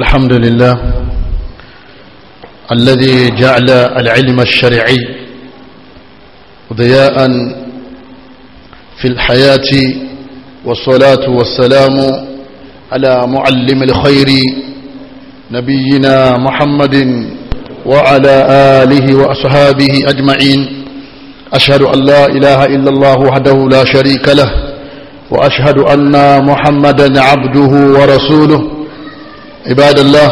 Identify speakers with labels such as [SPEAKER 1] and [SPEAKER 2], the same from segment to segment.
[SPEAKER 1] الحمد لله الذي جعل العلم الشرعي ضياء في الحياة والصلاة والسلام على معلم الخير نبينا محمد وعلى آله وأصحابه أجمعين أشهد أن لا إله إلا الله وحده لا شريك له وأشهد أن محمدا عبده ورسوله عباد الله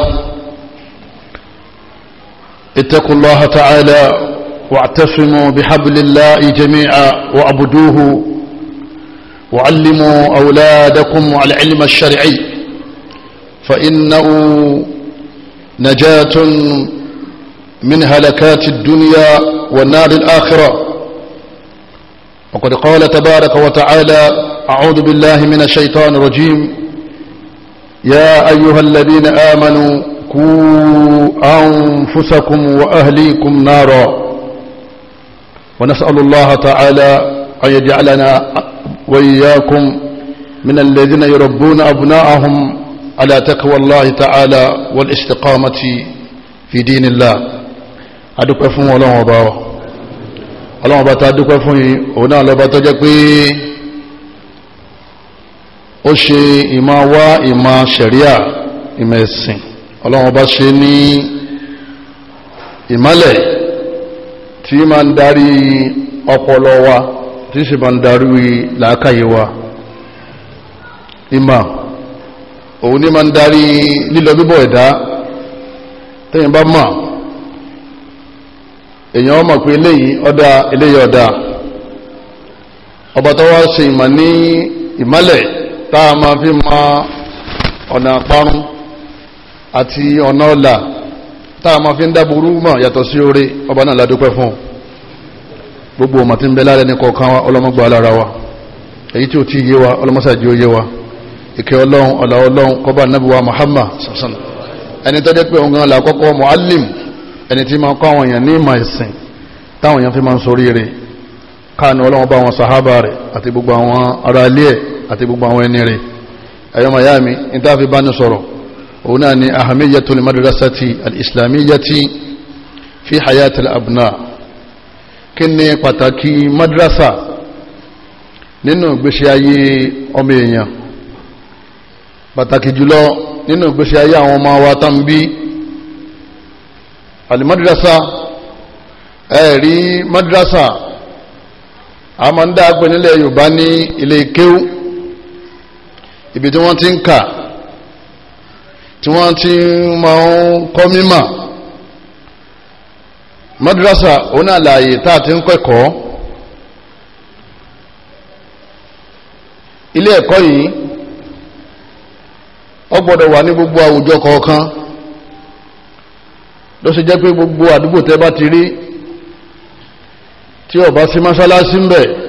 [SPEAKER 1] اتقوا الله تعالى واعتصموا بحبل الله جميعا واعبدوه وعلموا أولادكم العلم الشرعي فإنه نجاة من هلكات الدنيا والنار الآخرة وقد قال تبارك وتعالى أعوذ بالله من الشيطان الرجيم يا أيها الذين آمنوا كوا أنفسكم وأهليكم نارا ونسأل الله تعالى أن يجعلنا وإياكم من الذين يربون أبناءهم على تقوى الله تعالى والاستقامة في دين الله أدوك فهم ولا مباوة ولا مباوة تأدوك فهم ولا مباوة تجاكوين ó ṣe ìmọ̀ wá ìmọ̀ ṣẹ̀ríà ìmọ̀ ẹ̀sìn ọlọ́run bá ṣe ní ìmọ̀lẹ̀ tí máa ń darí ọpọlọ wa tí sì máa ń darí làákàyè wa ìmọ̀ òun ní máa ń darí lílọ bíbọ̀ ẹ̀dá tẹ́yìn bá mọ̀ èèyàn ọmọ pé eléyìí ọ̀dà eléyìí ọ̀dà ọba tá a máa fi mọ ọ̀nà àparun àti ọ̀nà ọ̀là tá a máa fi ń dáburú mọ̀ yàtọ̀ sí oore ọba náà ládúpẹ́ fún gbogbo ọmọ tí ń bẹ lára ẹni kọ̀ọ̀kan wa ọlọ́mọgbà lára wa èyí tí ò tí yé wa ọlọ́mọsàjì ó yé wa ìkẹ́ ọlọ́run ọ̀là ọlọ́run kọba nàbíwá Muhammad sàṣàn ẹni tó jẹ́ pé òun gan la kọ́kọ́ muallim ẹni tí máa kọ́ àwọn èèyàn ní ìmọ̀ ìsìn táwọn èèyàn fi máa ń sorí rẹ̀ káàní ọlọ́run bá wọn sàhábà rẹ̀ àti gbogbo àwọn ará ilé ẹ̀ àti gbogbo àwọn ẹni rẹ̀ ẹ̀yọ́ mayami ìtàfi bá ní sọ̀rọ̀ òun náà ni ahamiyatul madrasati al-islamiyati fi hayatil abna kí ni pàtàkì madrasa nínú ìgbésí ayé ọmọ èèyàn pàtàkì jùlọ nínú ìgbésí ayé àwọn ọmọ wa tán bí alimadrasa ẹ̀rí madrasa a máa ń dá agbẹ̀ yorùbá ní ilé kéwú ibi tí wọ́n ti ń kà tí wọ́n ti máa ń kọ́ mímọ̀ madrasa òun náà láàyè tá a ti ń kẹ́kọ̀ọ́ ilé ẹ̀kọ́ yìí ọ gbọ́dọ̀ wà ní gbogbo àwùjọ kọ̀ọ̀kan ló ṣe jẹ́ pé gbogbo àdúgbò tẹ́ bá ti rí tí ó sí mọ́sálásí ń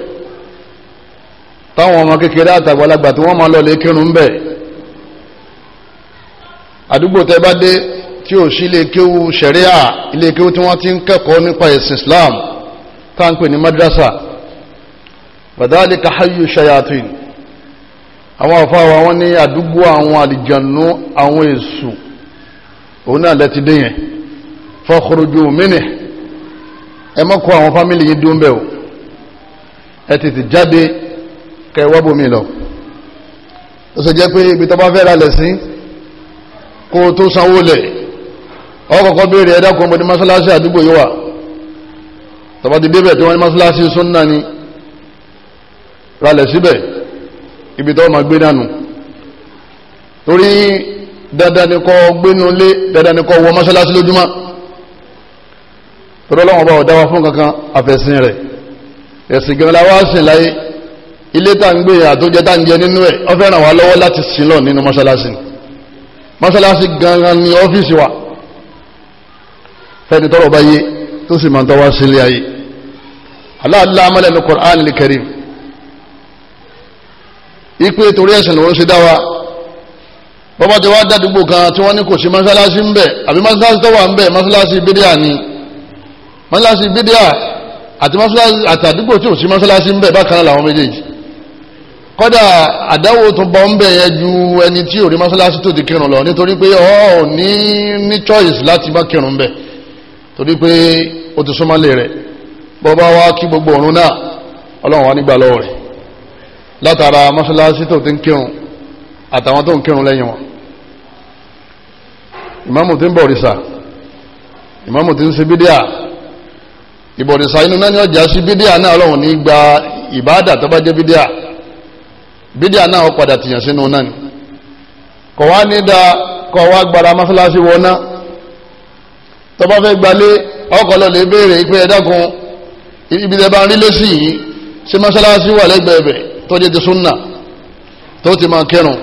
[SPEAKER 1] táwọn ọmọ kékeré àtàgbàlagbà tí wọ́n máa lọ lè kírun bẹ̀ àdúgbò tẹ́ bá dé tí ò sí ilé kéwú ṣẹ̀ríà ilé kéwú tí wọ́n ti ń kẹ́kọ̀ọ́ nípa ẹ̀sìn Islam tá ń pè ní madrasa bàdáàlì káhayù ṣayatin àwọn àfáwà wọn ní àdúgbò àwọn àlìjànú àwọn èṣù òun náà lẹ́ti dé yẹn fọ́kùrùjù mínì ẹ mọ́kọ àwọn fámìlì yìí dúnbẹ̀ ẹ tètè jáde kẹwọ́bù mi lọ ó sì jẹ́ pé ibi tó bá fẹ́ lálẹ̀ sí kó tó sanwó lẹ̀ ọkọ̀kọ́ béèrè ẹ̀dá kan mọ́sálásí àdúgbò yóò tọba ti débẹ̀ tí wọ́n ní mọ́sálásí súnnà ni ralẹ̀ síbẹ̀ ibi tó ma gbé dànù torí dandan ni kó gbénu lé dandan ni kó wọ mọ́sálásí lójúmọ́ tọ́lọ́wọ́n bá ọ̀dáwà fún kankan àfẹ̀sìn rẹ̀ ẹ̀sìn gẹ̀rẹ́lá wá sìn láyé ilé tá ń gbé àtúnjẹ tá ń jẹ nínú ẹ̀ ó fẹ́ ràn wá lọ́wọ́ láti sílọ̀ nínú mọ́ṣáláṣí mọ́ṣáláṣí gangan ni ọ́fíìsì wa fẹ́ni tọ́rọ bá yé tó sì máa tọ́wá sílé ayé aláàlá amálẹ̀ ní Qur'an al-Karim ipe torí ẹ̀sìn lòun ṣe dá wa bọ́bá ti wá dádúgbò kan tí wọ́n ní kò sí mọ́ṣáláṣí ń bẹ̀ àbí mọ́ṣáláṣí tó wà ń bẹ̀ mọ́ṣáláṣí bídíà ni mọ́ṣáláṣí bídíà àti mọ́ṣáláṣí àtàdúgbò tí ò sí mọ́ṣáláṣí ń bẹ̀ bákan náà làwọn méjèèjì kọ́dà àdáwò tó bọ́ ń bẹ̀yẹ ju ẹni tí ò rí mọ́sálásí tó ti kírun lọ nítorí pé ọ ò ní ní choice láti bá kírun bẹ̀ torí pé o ti súnmọ́lé rẹ̀ bọ́bá wá kí gbogbo òrun náà ọlọ́run wá nígbà lọ́wọ́ rẹ̀ látara mọ́sálásí tó ti ń kírun àtàwọn tó ń kírun lẹ́yìn wọn ìmáàmù tí ń bọ̀ òrìṣà ìmáàmù tí ń ṣe bídíà ìbọ̀rìṣà inú náà ni ọjà sí bídíà náà ọlọ́run ní gba ìbáàdà tó bá jẹ́ bídíà bídíà náà ó padà tìyàn sínú náà ni kọ̀ wá ní da kọ̀ wá gbára mọ́sálásí wọná tọ́ba fẹ́ gbalé ọkọ̀ lọ lè béèrè pé ẹ dákun ibi tẹ́ bá ń rí lẹ́sì yìí ṣé mọ́sálásí wà lẹ́gbẹ̀ẹ́ bẹ̀ tó jẹ́ ti súnà tó ti máa kírun.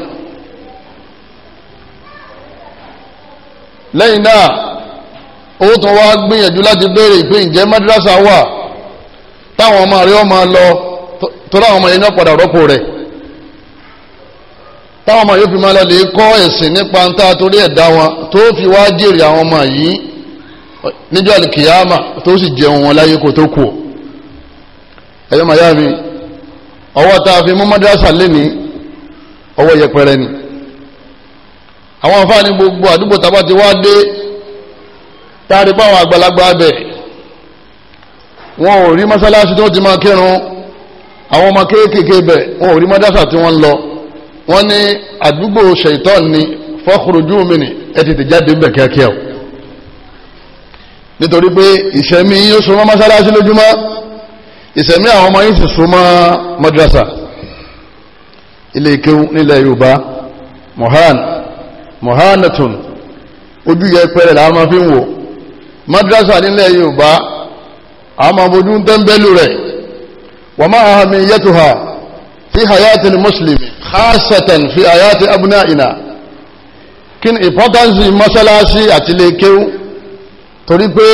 [SPEAKER 1] lẹ́yìn náà owó tó wá gbìyànjú láti béèrè pé ǹjẹ́ madrasa wà táwọn ọmọ rẹ̀ ọmọ lọ tó láwọn ọmọ yẹn náà padà rọ́pò rẹ̀ táwọn ọmọ yóò fi máa lọlé kọ́ ẹ̀sìn nípa ń tá a torí ẹ̀dá wọn tó fi wá jèrè àwọn ọmọ yìí níjọ́ àlìkìyàmà tó sì jẹun wọn láyé kó tó kù ọ́ ẹ̀yọ́ màyá mi ọwọ́ tá a fi mú mọ́dásà lẹ́ni ọwọ́ yẹpẹrẹ ni àwọn afáàní gbogbo àdúgbò tábà ti wá dé táàrí báwọn àgbàlagbà abẹ wọn ò rí mọ́sálásí tó ti máa kírun àwọn ọmọ kéékèèké bẹ̀ wọn ò rí mọ́dásà tí wọ́n lọ wọ́n ní àdúgbò ṣèitán ni fọ́kùrùjú mi ni ẹ tètè jáde ń bẹ̀ kíákíá o nítorí pé ìṣẹ̀mí yóò súnmọ́ mọ́sálásí lójúmọ́ ìṣẹ̀mí àwọn ọmọ yìí sì súnmọ́ madrasa ilé ìkéwú nílẹ̀ yorùbá mohan mohanatun ojú yẹ pẹrẹ làwọn máa fi ń wò madrasa nílẹ̀ yorùbá àwọn máa bójú ń tẹ́ńbẹ́lú rẹ̀ wọ́n máa hàmì yẹtù ha fi hayatil mùsùlùmí khasatan fi ayati abna'ina kí ni importance masalasi ati ilé kéwú torí pé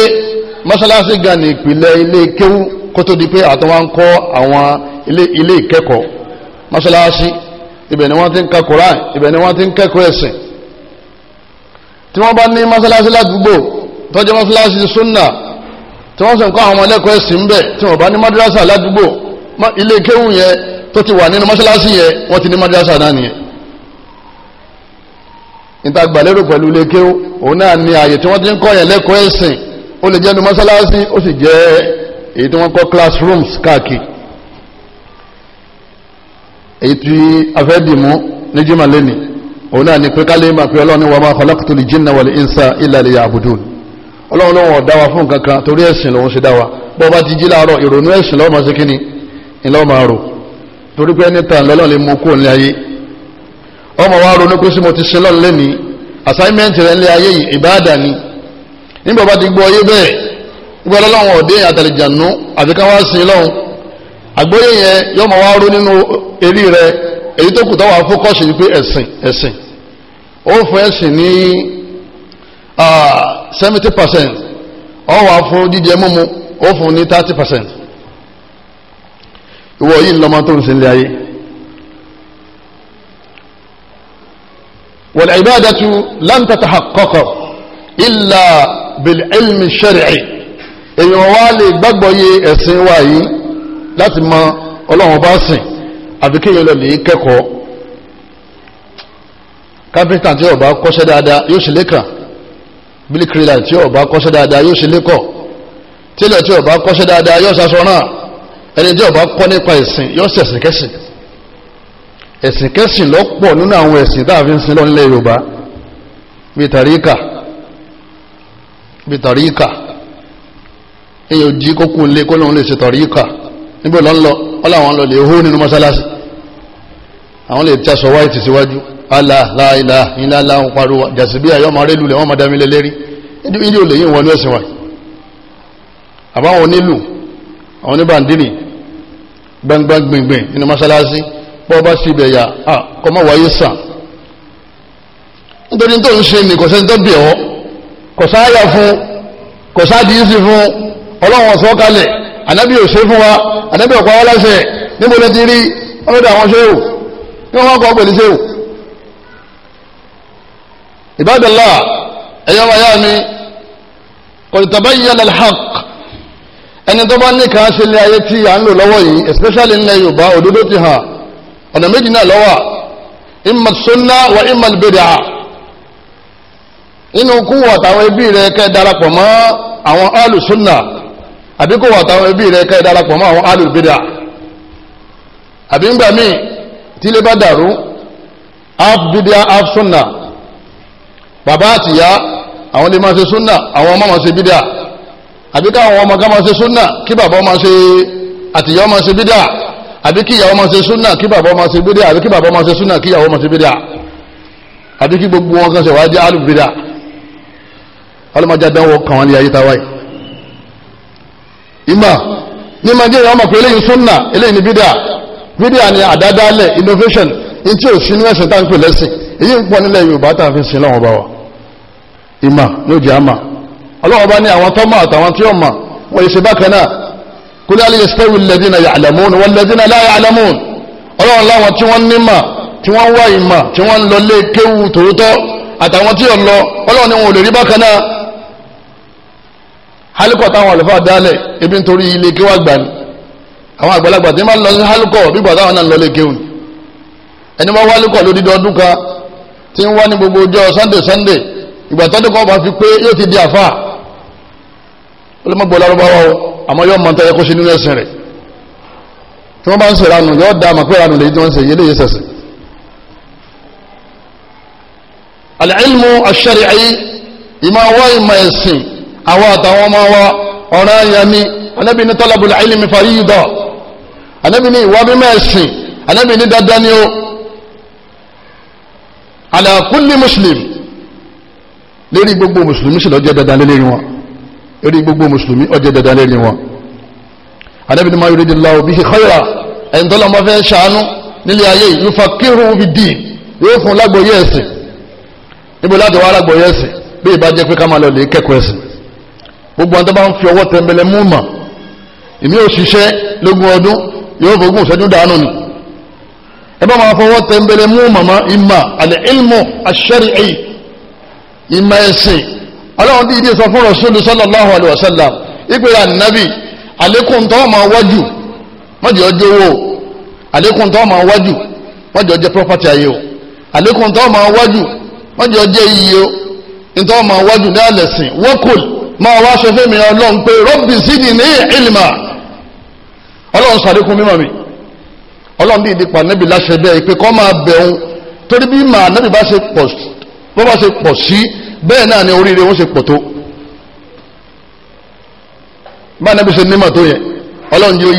[SPEAKER 1] mọ́sálásí gan ni ìpìlẹ̀ ilé kéwú kó tó di pé àtọwà ń kọ́ àwọn ile ìkẹ́kọ̀ọ́ masalasi ibe ni won ti ka Quran ibe ni won ti ń kẹ́kọ̀ọ́ ẹ̀sìn tí wọ́n bá ní mọ́sálásí ládùúgbò to je masalasi sunna ti won so ń kọ́ àwọn ọmọ ẹlẹ́kọ̀ọ́ ẹ̀sìn bẹ́ẹ̀ tí wọ́n bá ní madrasa ládùúgbò ile kéwú yẹn tó ti wà nínú mọ́ṣáláṣí yẹn wọ́n ti ní madrasa náà nìyẹn níta gbàlérò pẹ̀lú ilé kéwú òun náà ní ààyè tí wọ́n ti ń kọ́ yẹn lẹ́kọ̀ọ́ ẹ̀sìn ó lè jẹ́ nínú mọ́ṣáláṣí ó sì jẹ́ èyí tí wọ́n kọ́ classrooms káàkiri èyí tí afẹ́dìmú ní jimá lẹ́ni òun náà ni pé kálí máa pe ọlọ́run wa ma khalaqtul jinna wal insa illa liya'budun ọlọ́run lọ́wọ́ torí pé taa lọ́lọ́ lè mú kó nílé ayé ọmọ wa ronú pé sí mo ti ṣe lọ́nà lẹ́ni assignment rẹ̀ nílé ayé yìí ìbáàdà ni nígbà bá ti gbọ́ ayé bẹ́ẹ̀ gbọ́ lọ́wọ́n ọ̀dẹ́ àtàlẹ̀jànú àti ká wá sí lọ́hùn àgbóyè yẹn yọ mọ̀ wá ró nínú eré rẹ èyí tó kù yìí pé ẹ̀sìn ẹ̀sìn ah, ìwọ yìí lọ́mọ tó ń sin lé ayé wal ibadatu lan tatahaqqa illa bil ilmi shar'i èèyàn wá lè gbàgbọ́ yé ẹ̀sìn wa yìí láti mọ ọlọ́run bá sìn àbí kéèyàn lọ lè kẹ́kọ̀ọ́ kápẹ́ntà tí ó bá kọ́ṣẹ́ dáadáa yóò ṣe lékàn bílíkìrìlà tí ó kọ́ṣẹ́ dáadáa yóò ṣe lékọ̀ tílẹ̀ tí ó kọ́ṣẹ́ dáadáa yóò ṣaṣọ náà ẹni tí ọba kọ́ nípa ẹ̀sìn yóò ṣe ẹ̀sìn kẹ́sìn ẹ̀sìn kẹ́sìn lọ́pọ̀ nínú àwọn ẹ̀sìn tá a fi ń sin lọ́nlẹ̀ yorùbá bíi tàríkà bíi tàríkà èyàn jí kókó ńlé kó lóun lè ṣe tàríkà níbo lọ́n lọ wọ́n làwọn lọ lè hó nínú mọ́ṣáláṣí àwọn lè tẹ́sọ̀ wáìtì síwájú alá láìlá ilá láwọn pariwo jàsíbí àyọ́mọ arélulẹ̀ wọ́n máa dámi lé lérí ìdí òlè yìí wọnú ẹ̀sìn wáyé àbáwọn onílù àwọn oníbàndínì gbangba gbìngbìn nínú mọ́sálásí bọ́ bá sí ibẹ̀ yà á kọ́ mọ́ wáyé sàn nítorí tó ń ṣe ní kò sẹ́ni tó bì ọ́ kò sáyà fún kò sáàdìísì fún ọlọ́run ọ̀sọ́ kalẹ̀ ànábì ò ṣe fún wa ànábì ọ̀pá wa láṣẹ níbo ló ti rí ọlọ́dọ̀ àwọn ṣéwù kí wọ́n kọ́ pẹ̀lú ṣéwù. ìbádọ́lá ẹ̀yọ́ wáyà mi kò tàbá yíyá hàn ẹni tó bá ní kan ṣe ilé ayé tí à ń lò lọ́wọ́ yìí especially nílẹ̀ yorùbá òdodo ti hàn ọ̀nà méjì náà lọ́wọ́ imma sunna wa imma al-bid'ah nínú kú wà táwọn ẹbí rẹ kẹ́ darapọ̀ mọ́ àwọn alu sunna àbí kó wà táwọn ẹbí rẹ kẹ́ darapọ̀ mọ́ àwọn alu bid'ah àbí ńgbà míì tí ilé bá dàrú half bid'ah half sunna bàbá àtìyá àwọn lè máa ṣe sunna àwọn ọmọ máa ṣe bid'ah àbí káwọn ọmọ ká máa ṣe súnà kí bàbá máa ṣe àtìyá máa ṣe bídà àbí kí ìyàwó máa ṣe súnà kí bàbá máa ṣe bídà àbí kí bàbá máa ṣe súnà kí ìyàwó máa ṣe bídà àbí kí gbogbo wọn kan ṣe wáá jẹ alùbídà ọlọmọdé adánwò kàn wọn ní ayé táwa yìí. ìmọ̀ ní máa jẹ́ ìyàwó máa pé eléyìí súnà eléyìí ní bídà bídà ni àdádálẹ̀ innovation ní tí ò sí ní ẹ̀sìn tá à wa ìmọ̀ ló ọlọ́wọ́ bá ní àwọn tó mọ̀ àtàwọn tí ó mọ̀ wọ́n yìí ṣe bákan náà kul hal yastawi alladhina ya'lamun walladhina la ya'lamun ọlọ́wọ́ láwọn tí wọ́n ní mà tí wọ́n wá ìmà tí wọ́n lọ lé kéwù tòótọ́ àtàwọn tí ò lọ ọlọ́wọ́ ni wọn ò lè rí bákan náà hálùkọ̀ táwọn àlùfáà dálẹ̀ ebi nítorí ilé kéwù àgbà ni àwọn àgbàlagbà tí wọ́n lọ sí hálùkọ̀ bí gbàdá àwọn ń wá bá fi pé yóò ti di àfáà olùmọ̀gbọ́ lárúbáwá o àmọ́ yóò mọ̀ tẹ́yẹ kó ṣe nínú ẹ̀sìn rẹ̀ tí wọ́n bá ń ṣèrànù yóò dá àmọ́ pé ìrànù lèyí tí wọ́n ń ṣe yé léyìí sẹ̀sìn. al-ilmu ash ìmọ̀ wá ìmọ̀ ẹ̀sìn àwọn àtàwọn ọmọ wa ọ̀ràn ayami anábì ní talabul ilmi farida anábì ní ìwà mímọ̀ ẹ̀sìn anábì ní dandan ni ó ala kulli muslim gbogbo mùsùlùmí sì lọ́jọ́ dandan lé lérí wọn lórí gbogbo mùsùlùmí ó jẹ́ dandan lórí wọn anábìnrin máa yọrí dìlá òbí ṣèkọ́yà ẹ̀yìn tó lọ́mọ fẹ́ ṣàánú nílé ayé yìí fa kírun fi dì yóò fún lágbóyè ẹ̀sìn níbo láti wá lágbóyè ẹ̀sìn bí ìbá jẹ́ pé ká máa lọ lè kẹ́kọ̀ọ́ ẹ̀sìn gbogbo àwọn tó bá ń fi ọwọ́ tẹ̀mbẹ̀lẹ̀ mú mà èmi ò ṣiṣẹ́ lógún ọdún yóò fògùn ìṣẹ́jú dànù ni ẹ bá máa fọwọ́ tẹ̀mbẹ̀lẹ̀ mú màmá ìmà àlẹ́ ilmu ash ìmà ẹ̀sìn ọlọ́run dídí sọ fún rasúlù sallallahu alaihi wasallam ìpèrè ànábì àlékún tó máa wájú mọ́jọ́ ọjọ́ owó àlékún tó máa wájú mọ́jọ́ ọjọ́ property ayé o àlékún tó máa wájú mọ́jọ́ ọjọ́ iye o ntọ́ máa wájú ní àlẹ́sìn wọ́kùl máa wá aṣọ fẹ́mi ọlọ́run pé rọ́bì sídì ní ìlmà ọlọ́run sàlékún mímọ́ mi ọlọ́run dídí pa ànábì láṣẹ bẹ́ẹ̀ pé kọ́ máa bẹ̀rù torí bí màá ànábì bá ṣe pọ̀ sí bó bá pọ̀ sí bẹ́ẹ̀ náà ni oríire pọ̀ a nẹ́bí ṣe mímọ̀ tó yẹ ọlọ́run jẹ́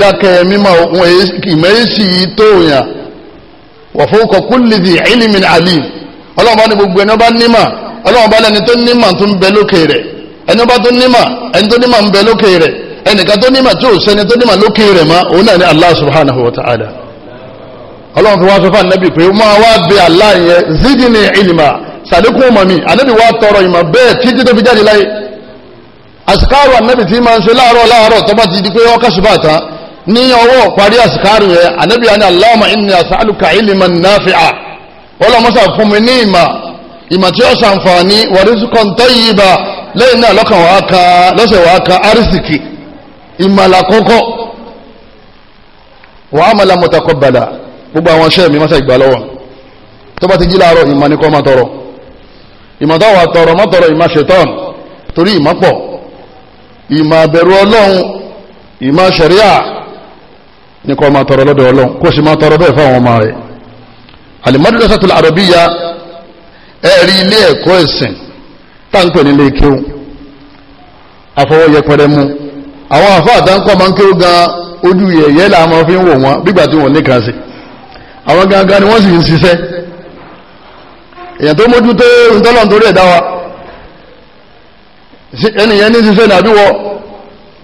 [SPEAKER 1] dákẹ́ mímọ̀ tó àlì ọlọ́run bá ní gbogbo ẹni bá nímọ̀ ọlọ́run bá lẹ́ni tó nímọ̀ tó ń bẹ lókè rẹ̀ ẹni bá tó nímọ̀ ẹni tó nímọ̀ ń bẹ lókè rẹ̀ ẹnìkan tó nímọ̀ tí ò tó nímọ̀ lókè rẹ̀ mọ́ òun náà ni Allah ọlọ́run fi wá sọ fún ànábì pé máa wá bẹ Allah yẹn zidni ilma sàlékún ọmọ mi ànábì wá tọrọ ìmọ̀ bẹ́ẹ̀ títí tó fi jáde láyé àsìkáàrù ànábì tí máa ń ṣe láàárọ̀ láàárọ̀ tó bá ti di pé ọkà ṣùgbọ́n àtàn ní ọwọ́ parí àsìkáàrù yẹn ànábì àni Allahumma inni as'aluka ilman nafi'a ọlọ́mọṣà fún mi gbogbo àwọn iṣẹ́ mi mọ́sá ìgbà lọ́wọ́ tó bá ti jí láàárọ̀ ìmọ̀ ní kọ́ máa tọrọ ìmọ̀ tó wà tọrọ mọ́ tọrọ ìmọ̀ ṣetán torí ìmọ̀ pọ̀ ìmọ̀ àbẹ̀rù ọlọ́run ìmọ̀ ṣẹ̀ríà ní kọ́ máa tọrọ lọ́dọ̀ ọlọ́run kó sì máa tọrọ bẹ́ẹ̀ fáwọn ọmọ rẹ̀ al-madrasatul arabiyya ẹ̀rí ilé ẹ̀kọ́ ẹ̀sìn táǹpẹ̀ nílé kéwù àfọwọ́ yẹpẹrẹ mú àwọn àfọ àtàǹkọ́ máa ń kéwù gan ojú yẹ̀yẹ́ làwọn fi ń wò wọ́n bígbà tí wọ́n ní kan sí àwọn gangan ni wọ́n sì ń ṣiṣẹ́ èyàn tó mójú tó ìtọ́lọ̀ torí ẹ̀dá wa ẹnìyàn ní ṣiṣẹ́ ní àbíwọ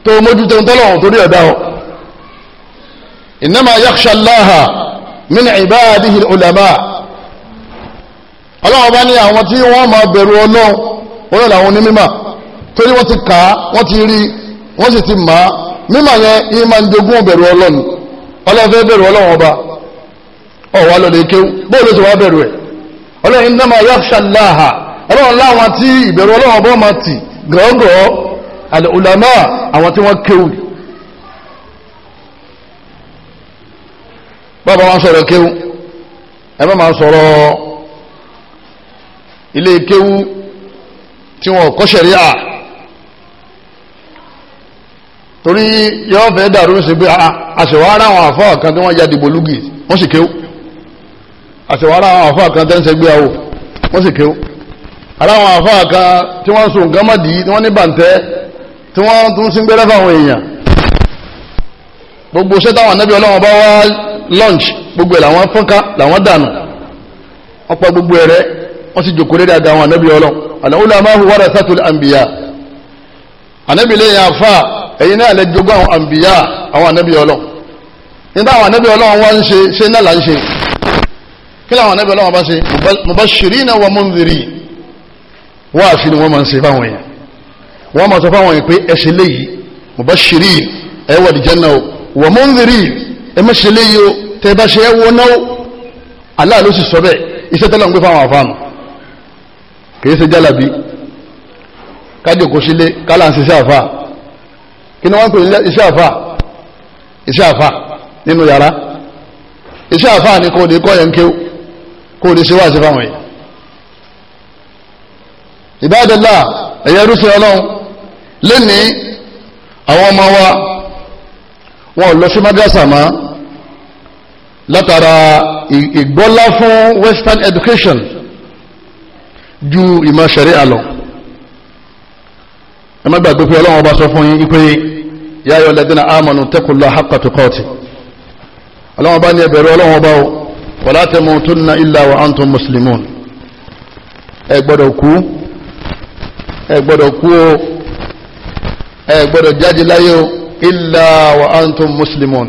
[SPEAKER 1] tó mójú tó ìtọ́lọ̀ torí ẹ̀dá wa innama yakhsha ibadihi ọlọ́wọ́ bá ní àwọn tí wọ́n máa bẹ̀rù Ọlọ́run wọ́n làwọn onímọ̀ torí wọ́n ti kà á wọ́n ti rí wọ́n sì ti mà á mímọ̀ yẹn ìmọ̀ ń jogún bẹ̀rù ọ̀wá lọ́dẹ kéwú bóò ló ti wá bẹ̀rù ẹ̀ ọlọ́run innama yakhsha Allaha ọlọ́run láwọn tí ìbẹ̀rù ọlọ́run bọ́ máa tì gọ́gọ́ al-ulama àwọn tí wọ́n kéwú bàbá wọn sọ̀rọ̀ kéwú ẹ má máa sọ̀rọ̀ ilé kéwú tí wọ́n kọ́ ṣẹ̀ríà torí yọ́ fẹ́ dàrú sí pé àṣẹwà ara àwọn àfọ́ kan tí wọ́n ya dìbò lúgì wọ́n sì kéwú àṣewárá àwọn àfáà kan tẹ́ ń ṣègbéyàwó wọ́n sì kéwò ara àwọn àfáà kan tí wọ́n ń so nǹkan mọ̀dí tí wọ́n ní bàǹtẹ́ tí wọ́n tún sí gbẹ́rẹ́ fáwọn èèyàn gbogbo ṣẹ́ táwọn anábì ọlọ́wọ́n bá wá lunch gbogbo ẹ̀ làwọn fọ́nká làwọn dànù wọ́n pa gbogbo ẹ̀rẹ́ wọ́n sì jòkó lédè àga àwọn anábì ọlọ́ àlàúlà máa hu wára sátúlù àǹbìyà anábì lẹ́yìn kí làwọn anábì ọlọ́wọ́n bá ṣe mubashirina wa mundhiri wáàsí ni wọ́n máa ń ṣe fáwọn èèyàn wọ́n máa sọ fáwọn èèyàn pé ẹ̀ṣẹ̀ léyìí mubashiri ẹ wà di janna o wa mundhiri ẹ má ṣe léyìí o tẹ́ bá ṣe ẹ wọ náà Allah ló sì sọ bẹ́ẹ̀ iṣẹ́ tẹ́lẹ̀ ń gbé fáwọn àfáànù kì í ṣe jálàbí kájòkó sílé kálá ń ṣe iṣẹ́ àfáà kí ni wọ́n pè iṣẹ́ àfáà iṣẹ́ àfáà nínú yàrá iṣẹ́ àfáà ni kò ní kọ́ yẹn kéwò kó lè ṣe wá sí fáwọn yìí ìbádọ́lá ẹ̀yẹ rúfin ọlọ́run lẹ́nìí àwọn ọmọ wa wọn ò lọ sí madrasa mọ́ látara ìgbọ́lá fún western education ju ìmọ̀ ṣẹ̀ríà lọ ẹ má gbàgbé pé ọlọ́run ọba sọ fún yín pé yáyọ lẹ́dínà amanu tẹ́kùlọ́ haqqa tuqati ọlọ́run ọba ní ẹbẹ̀rẹ̀ ọlọ́run ọba o wala tamutunna illa wa antum muslimun ẹ gbọ́dọ̀ kú ẹ gbọ́dọ̀ kú o ẹ gbọ́dọ̀ jáde láyé o illa wa antum muslimun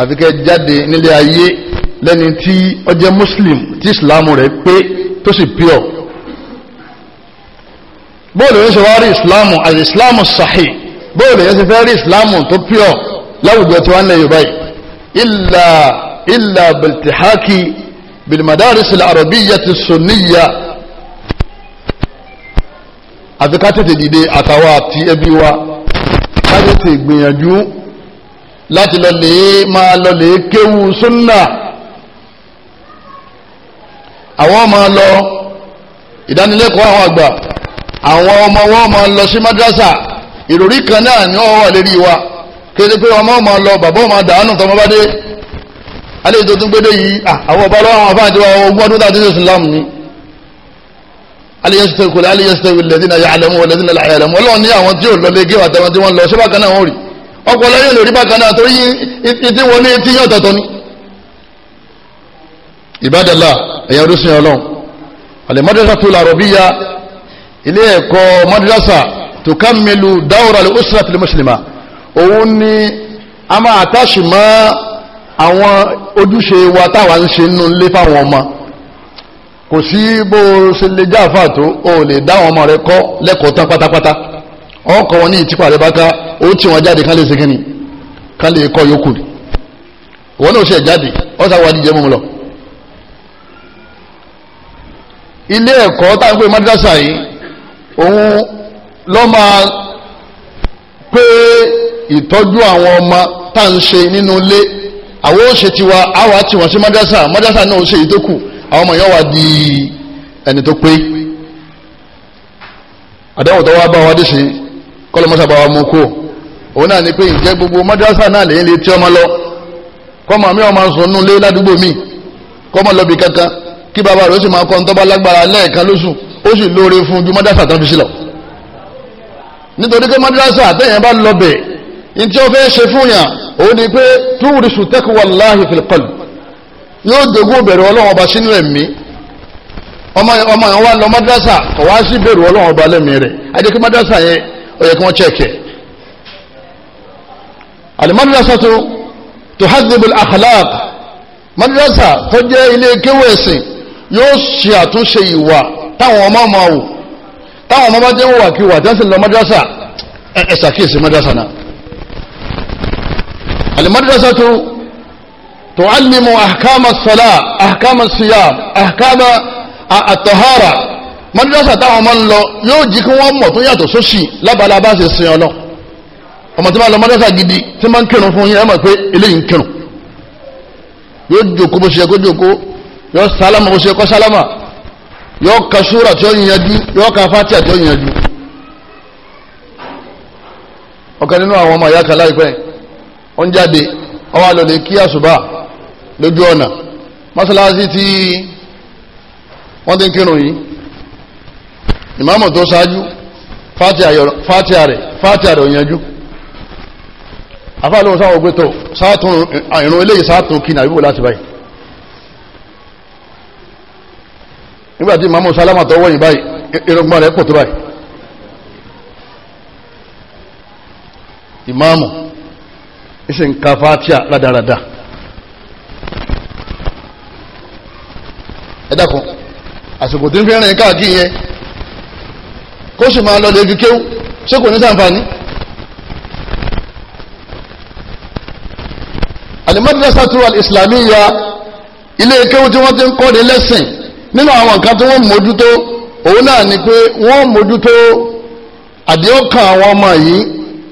[SPEAKER 1] àfi kẹ́ jáde nílé ayé lẹ́ni tí ó jẹ́ muslim tí ìsìlámù rẹ̀ pé tó sì pure bóòlù yẹn ṣe wá rí ìsìlámù àti ìsìlámù sahih bóòlù yẹn ṣe fẹ́ rí ìsìlámù tó pure láwùjọ tí wọ́n ń lẹ̀ yorùbá yìí إلا بالتحاك بالمدارس العربية السنية àti ká tètè dìde àtàwọn àti ẹbí wa ká tètè gbìyànjú láti lọlé máa lọlé kéwu súnà àwọn máa lọ ìdánilẹ́kọ̀ọ́ àwọn àgbà àwọn ọmọ wọn máa lọ sí madrasa ìròrí kan náà ni wọ́n wà lérí wa kéde pé ọmọ máa lọ bàbá máa dàánù tọmọ bá dé alẹ́ tó tún gbédé yìí àwọn ọba lọ́wọ́ àwọn afáàdé wa ogún ọdún tàbí jésù islam ni alẹ́yẹsẹ̀ kò lẹ́ alẹ́yẹsẹ̀ lẹ́dínà yàlẹ́mú lẹ́dínà làyàlẹ́mú ọlọ́run ní àwọn tí ò lọ lẹ́gẹ́ àtàwọn tí wọ́n lọ ṣé bákan náà wọ́n rí ọkọ̀ lẹ́yìn lórí bákan náà torí ìtí wọn ní etí yàn tọ̀tọ̀ ni. ìbádàlá ẹ̀yà orísun ọlọ́run àwọn ojúṣe wa táwa ń ṣe nínú ilé fáwọn ọmọ kò sí bó ṣe lè já àfà tó o lè dá àwọn ọmọ rẹ kọ́ lẹ́kọ̀ọ́ tán pátápátá ọkọ̀ wọn ní ìtìpá rẹ bá ká ó tì wọ́n jáde kán lè ṣe kínní kán lè kọ́ yòókù wọn náà ṣe jáde wọn sáwọ́ adìjẹ mọ́ lọ. ilé ẹ̀kọ́ tá à ń yìí òun lọ́ máa pé ìtọ́jú àwọn ọmọ tá à ń ṣe nínú ilé àwọn ó ṣe tiwa àwọn àti wọn sí madrasa madrasa náà ó ṣe tó kù àwọn ọmọ yẹn di ẹni tó pé àdáwò tó wá bá wa dé sí kọlọmọsà bá wa mú kó òun náà ni pé ǹjẹ́ gbogbo madrasa náà lè lè tí ọmọ lọ kọ́mọ mi ọmọ sùn nù lé ládùúgbò mi kọ́mọ lọ bí kankan kí bàbá rẹ̀ ó sì máa kọ́ ntọ́ba lágbára lẹ́ẹ̀kan lóṣù ó sì lóore fún ju madrasa tán fi sílọ nítorí pé madrasa àtẹ̀yìn bá lọ bẹ̀ẹ́ ní tí ó fẹ́ ṣe fún yàn òun ni pé túwùrì sùtẹ́kù wàláhì fìlìkọlù yóò dogún bẹ̀rù ọlọ́run ọba sínú ẹ̀mí ọmọ ọmọ yẹn wá lọ madrasa kò wá sí bẹ̀rù ọlọ́run ọba lẹ́mí rẹ̀ ajẹ́ kí madrasa yẹn ó yẹ kí wọ́n chẹ́kẹ̀. alimadrasa tó tó hadibul akhlaq madrasa tó jẹ́ ilé kéwù ẹ̀sìn yóò ṣe àtúnṣe ìwà táwọn ọmọ ọmọ wò táwọn ọmọ bá jẹ́ wò kí wà tí المدرسة تعلم أحكام الصلاة أحكام الصيام أحكام الطهارة madrasa táwọn ọmọ ń lọ yóò jí kí wọ́n mọ̀ tó yàtọ̀ sósì lábala bá ṣe sin ọlọ ọmọ tí wọ́n lọ madrasa gidi tí wọ́n ń kírun fún yín ẹ mọ̀ pé eléyìí ń kírun yóò jòkó bó ṣe kó jòkó yóò sálámà bó ṣe kó sálámà yóò ka súra tí ó yanjú yóò ka fatiha tí ó yanjú ọ̀kan nínú àwọn ọmọ ìyá kan láìpẹ́ yìí ó ń jáde ó wá lọ lè kí àṣùbà lójú ọ̀nà mọ́sálásí tí wọ́n ti ń kírun yìí ìmáàmù tó ṣáájú fátíà rẹ̀ fátíà rẹ̀ ò yanjú afáàlóhùn sáwọn ògbé tó sáàtún àìrùn eléyìí sáàtún kí nàbíbò láti báyìí nígbàtí ìmáàmù sálámà tó wọ́yìn báyìí irungbọ́n rẹ̀ pọ̀ tó báyìí ìmáàmù ìsì ń ka fátíà ládáradá ẹ̀dàkùn àsìkò tí ń fi rìn káàkiri yẹn kó sì máa lọ lẹ́gi kéwú ṣé kò ní al-islamiyya ilé kéwú tí wọ́n ti ń kọ́ ni lẹ́sìn nínú àwọn nǹkan tí wọ́n mójútó òun náà ni pé wọ́n mójútó àdéhùn kan àwọn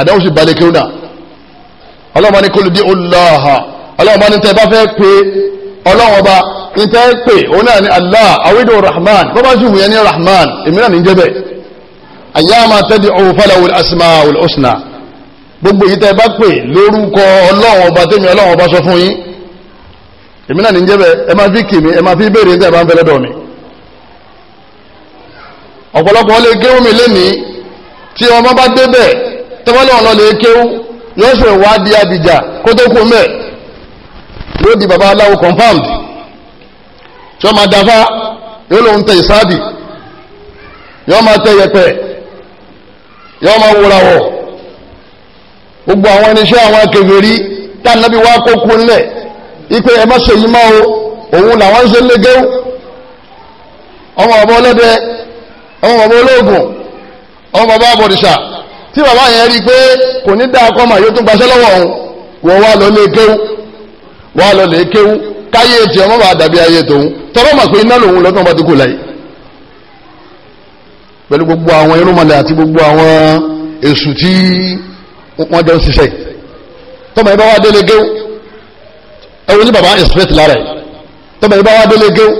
[SPEAKER 1] àdáwò sì balẹ̀ kéwù náà ọlọ́wọ́n ní kólú dé ọlọ́ha ọlọ́wọ́n ní tẹ́ bá fẹ́ pé ọlọ́wọ́n bá ní tẹ́ pé òun náà ní allah awídò rahman bọ́bá sì wù yẹn ní rahman èmi náà ní jẹ́bẹ̀ ayyama tẹ́dí ọ̀fọ́láwò asmaul husna gbogbo yìí tẹ́ bá pè lórúkọ ọlọ́wọ́n bá tẹ́mi ọlọ́wọ́n bá sọ fún yín èmi náà ní jẹ́bẹ̀ ẹ máa fi kì mí ẹ máa fi béèrè ní tẹ́ ń fẹ́ lọ́dọ̀ mi ọ̀pọ̀lọpọ̀ lè gé omi tí ọmọ bá débẹ̀ tẹ́wọ́n náà lọ́lẹ̀ kéwú yóò ṣe ìwádìí àbìjà kó tó kú mẹ́ yóò di bàbá aláwo confirmed tí wọ́n máa dáfá yóò lóun tẹ ìsáàdì yóò máa tẹ yẹpẹ yóò máa wúra wọ̀ gbogbo àwọn irinṣẹ́ àwọn akèfèrí tá a ya wá kó kú ńlẹ̀ ipe ẹ má ṣe yí má o òun làwọn ń ṣe ń lé géwú ọmọ bàbá ọlọ́dẹ ọmọ bàbá ọmọ bàbá tí bàbá yẹn rí i pé kò ní dáa kọ́ mà yóò tún gbaṣẹ́ lọ́wọ́ òun wọ́n wá lọ lé kéwú wá lọ lé kéwú káyé tiẹ̀ ọmọ bá dàbí ayé tòun tọ́lọ́ mà pé iná lòun lọ́dún ọba tó kù láyé pẹ̀lú gbogbo àwọn irúnmọlẹ̀ àti gbogbo àwọn èṣù tí wọ́n jọ ń ṣiṣẹ́ tọ́mọ yẹn bá wá délé kéwú ẹ ní bàbá expect lára yìí tọ́mọ yẹn bá wá délé kéwú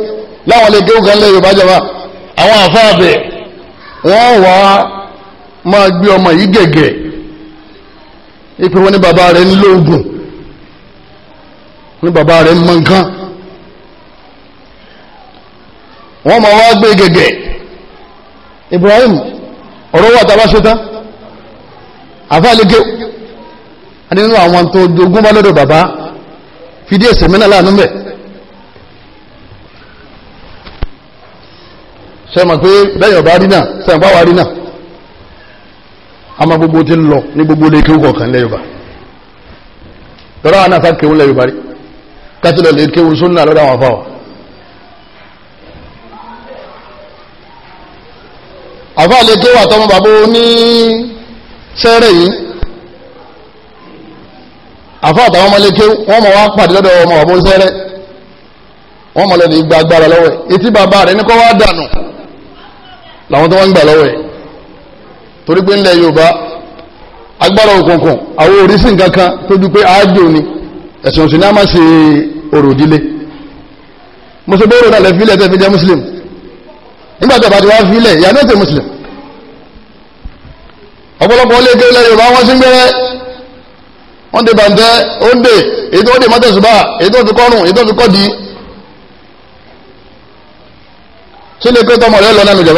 [SPEAKER 1] láwọn lè kéwú kan lé Yorùbá jọba àwọn àfáàbẹ̀ wọ́n wàá máa gbé ọmọ yìí gẹ̀gẹ̀ ipe wọn ní bàbá rẹ̀ ń lóògùn ní bàbá rẹ̀ mọ nǹkan wọ́n máa wá gbé gẹ̀gẹ̀ Ibrahim ọ̀rọ̀ wà tàbá ṣe tán àfáàlékè nínú àwọn tó dogun bá lọ́dọ̀ bàbá fìdí ẹsẹ̀ mẹ́nà láàánú mẹ́ ṣe mọ̀ pé bẹ́yọ̀ bá rí náà sẹ́yìn bá wà rí náà ama gbogbo ti ń lọ ní gbogbo ilé kéwù kọ̀ọ̀kan lẹ́yìn bá lọ́dọ̀ àwọn afa kéwù lẹ́yìn rí kátìlọ̀ lè kéwù sunna lọ́dọ̀ àwọn afa wa. àfa lè kéwù àtọmọ bàbá oní sẹ́rẹ̀ yìí àfa àtàwọn ọmọ lè kéwù wọ́n mọ̀ wá pàdé lọ́dọ̀ ọmọ bàbá oní sẹ́rẹ̀ wọ́n mọ̀ lọ́dọ̀ ìgbà agbára lọ́wọ́ ẹ̀ etí bàbá rẹ̀ ní kọ́ wá dànù làwọn tó wá ń gbà lọ́wọ́ ẹ̀ torí pé ńlẹ̀ Yorùbá agbára òkùnkùn àwọn orísí nǹkan kan tó dúpẹ́ àájò ni ẹ̀sùn òsì ní a máa ṣe mùsùlùmí òrò ìdàlẹ̀ fílẹ̀ tẹ́ fi jẹ́ muslim nígbà tẹ́ bá ti wá fílẹ̀ ìyá tẹ́ muslim ọ̀pọ̀lọpọ̀ ilé kéwìlẹ̀ Yorùbá wọ́n sí ń gbẹ́rẹ́ wọ́n dé bàǹtẹ́ ó ń dè èyí tó dè mọ́tẹ̀sùbà èyí tó tó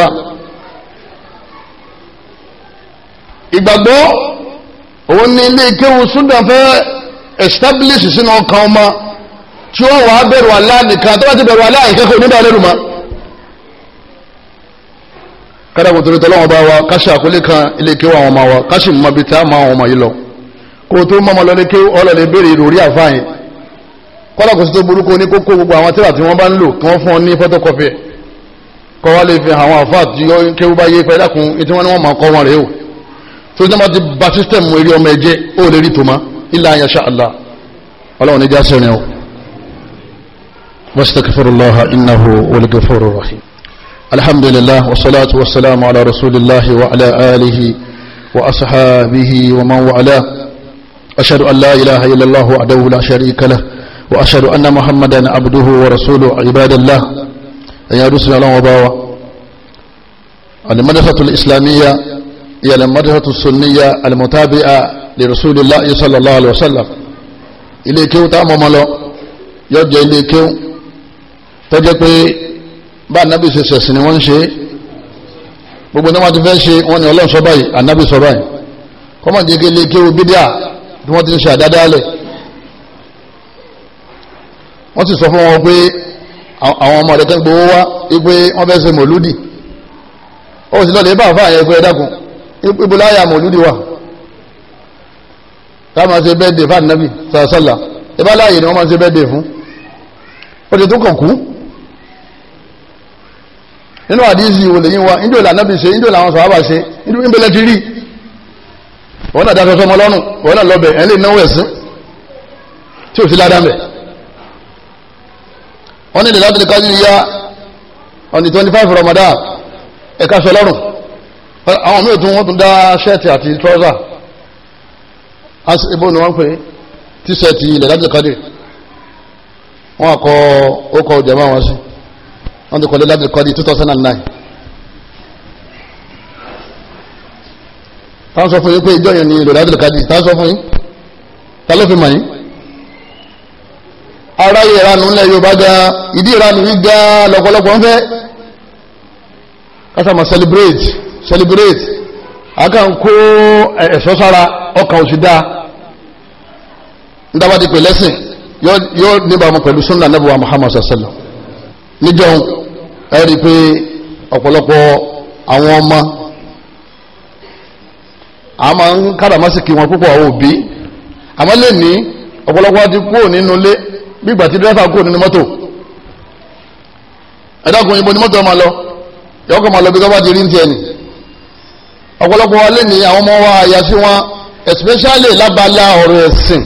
[SPEAKER 1] kọ́ ìgbàgbọ́ òun ni ilé ìkéwu súdà fẹ́ establish sínú ọkàn ọmọ tí ó wàá bẹ̀rù aláàdìkan tó bá ti bẹ̀rù aláàkẹ́kọ̀ọ́ nígbà lẹ́nu mọ́ kára kò torí tọ́lọ́wọ́n bá wa káṣí àkọlé kan ilé ìkéwu àwọn ọmọ wa káṣí mọ ibi tá a máa àwọn ọmọ yìí lọ kó tó mọ́ ọmọ lọ lékè ọlọ́lẹ̀ béèrè ìròrí àfáàyè kọ́lá kò sí tó burúkú ní kókó gbogbo àwọn tíra tí wọ́n bá ń lò kí wọ́n fún ọ ní photocopy kọ́ wa lè fi àwọn àfáà tí kéwu bá yé pẹ́ dákun ètí wọ́n ní wọ́n máa kọ́ wọn rèé o torí náà ti ba sísítẹ̀mù eré ọmọ ẹ̀jẹ̀ ó lè rí tòmá ilà ayàṣà àlá ọlọ́run ní jásẹ̀ rẹ̀ o. wastaghfirullaha innahu wal ghafurur rahim. alhamdulillah wasalaatu wasalaamu ala rasulillahi wa ala alihi wa ashabihi wa man wa ala. ashadu an la ilaha illallah wa adahu la sharika lah wa ashadu anna muhammadan abduhu wa rasuluhu ibadallah. ẹ̀yin arúsùn aláwọ̀ wa. al-madrasatul islamiyya هي المدرسة السنية المتابعة لرسول الله صلى الله عليه وسلم ilé kéwú tá a mọ̀mọ́ lọ yóò jẹ́ ilé kéwú tó jẹ́ pé bá anábì ṣe ṣẹ̀sìn ni wọ́n ń ṣe gbogbo ní wọ́n ti fẹ́ ṣe wọ́n ní ọlọ́run sọ báyìí anábì sọ báyìí kọ́mọ̀ jẹ́ kí ilé kéwú bídíà tí wọ́n ti ń ṣe àdádálẹ̀ wọ́n sì sọ fún wọn pé àwọn ọmọ rẹ̀ tẹ́ gbowó wá wípé wọ́n fẹ́ ṣe mọ̀lúdì ó sì lọ́ọ́ lè bá àfáà yẹn pé ẹ dákun ibo láyà mọ̀lúdì wà ká máa ṣe bẹ́ẹ̀dẹ̀ fún ànábì sàṣàlà ìbá láàyè ni wọ́n máa ṣe bẹ́ẹ̀dẹ̀ fún ó ti tó kàn kú nínú àdízi olè yín wa ìjọ ìlànàbì ṣe ìjọ ìlànà sọ̀hábà ṣe ìjọ ìbẹ̀lẹ̀ ti rí wọ́n náà dáṣọ sọmọ lọ́rùn wọ́n náà lọ́bẹ̀ ẹ̀ lè náwó ẹ̀sìn tí ò sí ládàá mẹ́ wọ́n ní ìlànà tó ní ká ní ya on the twenty five Ramadan ẹ̀ka sọ lọ́rùn àwọn míì tún wọ́n tún dá ṣẹ́ẹ̀tì àti trọ́sà ibo ni wọ́n pè tíṣẹ́ẹ̀tì ilẹ̀ láti kọ́dé wọ́n akọ ókọ ìjẹ̀mọ́ àwọn sí wọ́n ti 2009 táwọn sọ fún yín pé ìjọ yẹn ni ìlò láti kọ́dé táwọn sọ fún yín ta ló fi mọ̀ yín ara ìranu ńlẹ̀ Yorùbá ga ìdí ìranu yìí lọ́pọ̀lọpọ̀ ń fẹ́ celebrate celebrate akàn kó ẹ̀ṣọ́ sára ọkàn òsì dáa nígbà pè lẹ́sìn yóò níbàámu pẹ̀lú sunna nebu wa muhammad sallam pé ọ̀pọ̀lọpọ̀ àwọn ọmọ a máa ń káràmásìkì wọn púpọ̀ àwọn òbí àmọ́ lè ní ọ̀pọ̀lọpọ̀ ti ni mọ́tò ọ̀pọ̀lọpọ̀ wa lè ní àwọn ọmọ wa àyàfi wọn especially lábala ọ̀rọ̀ ẹ̀sìn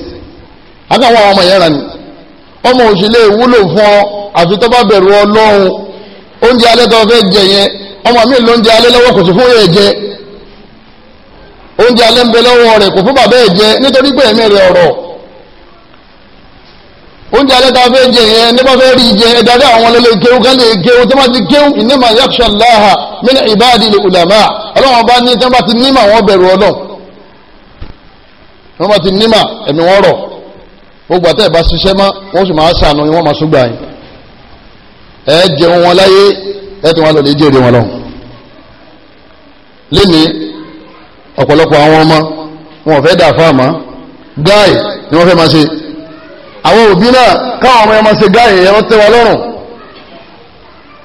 [SPEAKER 1] àtàwọn ọmọ yẹn ràn ní ọmọ òsì lè wúlò fún ọ àfi tó bá bẹ̀rù ọlọ́run oúnjẹ alẹ́ tó fẹ́ jẹ yẹn ọmọ mi ló ń alẹ́ lọ́wọ́ kò sí fún yẹn jẹ oúnjẹ alẹ́ ń bẹ lọ́wọ́ rẹ̀ kò fún bàbá ẹ̀ jẹ nítorí pé ẹ̀mí rẹ̀ ọ̀rọ̀ oúnjẹ alẹ́ tá fẹ́ jẹ yẹn ní bá fẹ́ rí jẹ ẹ̀dájọ́ àwọn ọlọ́lẹ̀ kéwú ká lè kéwú tó bá ti kéwú innama yakhsha Allaha min ibadil ulama ọlọ́wọ́n bá ní tí wọ́n bá ti nímà wọ́n bẹ̀rù ọlọ́run wọ́n bá ti nímà ẹ̀mí wọ́n rọ̀ gbogbo bá ṣiṣẹ́ mọ́ wọ́n sì máa ni wọ́n máa ṣùgbà yín ẹ jẹun wọn láyé ẹ tí wọ́n lọ lè jèrè àwọn òbí náà káwọn ọmọ ẹmọ ṣe gáyè ẹran tẹ́wa lọ́rùn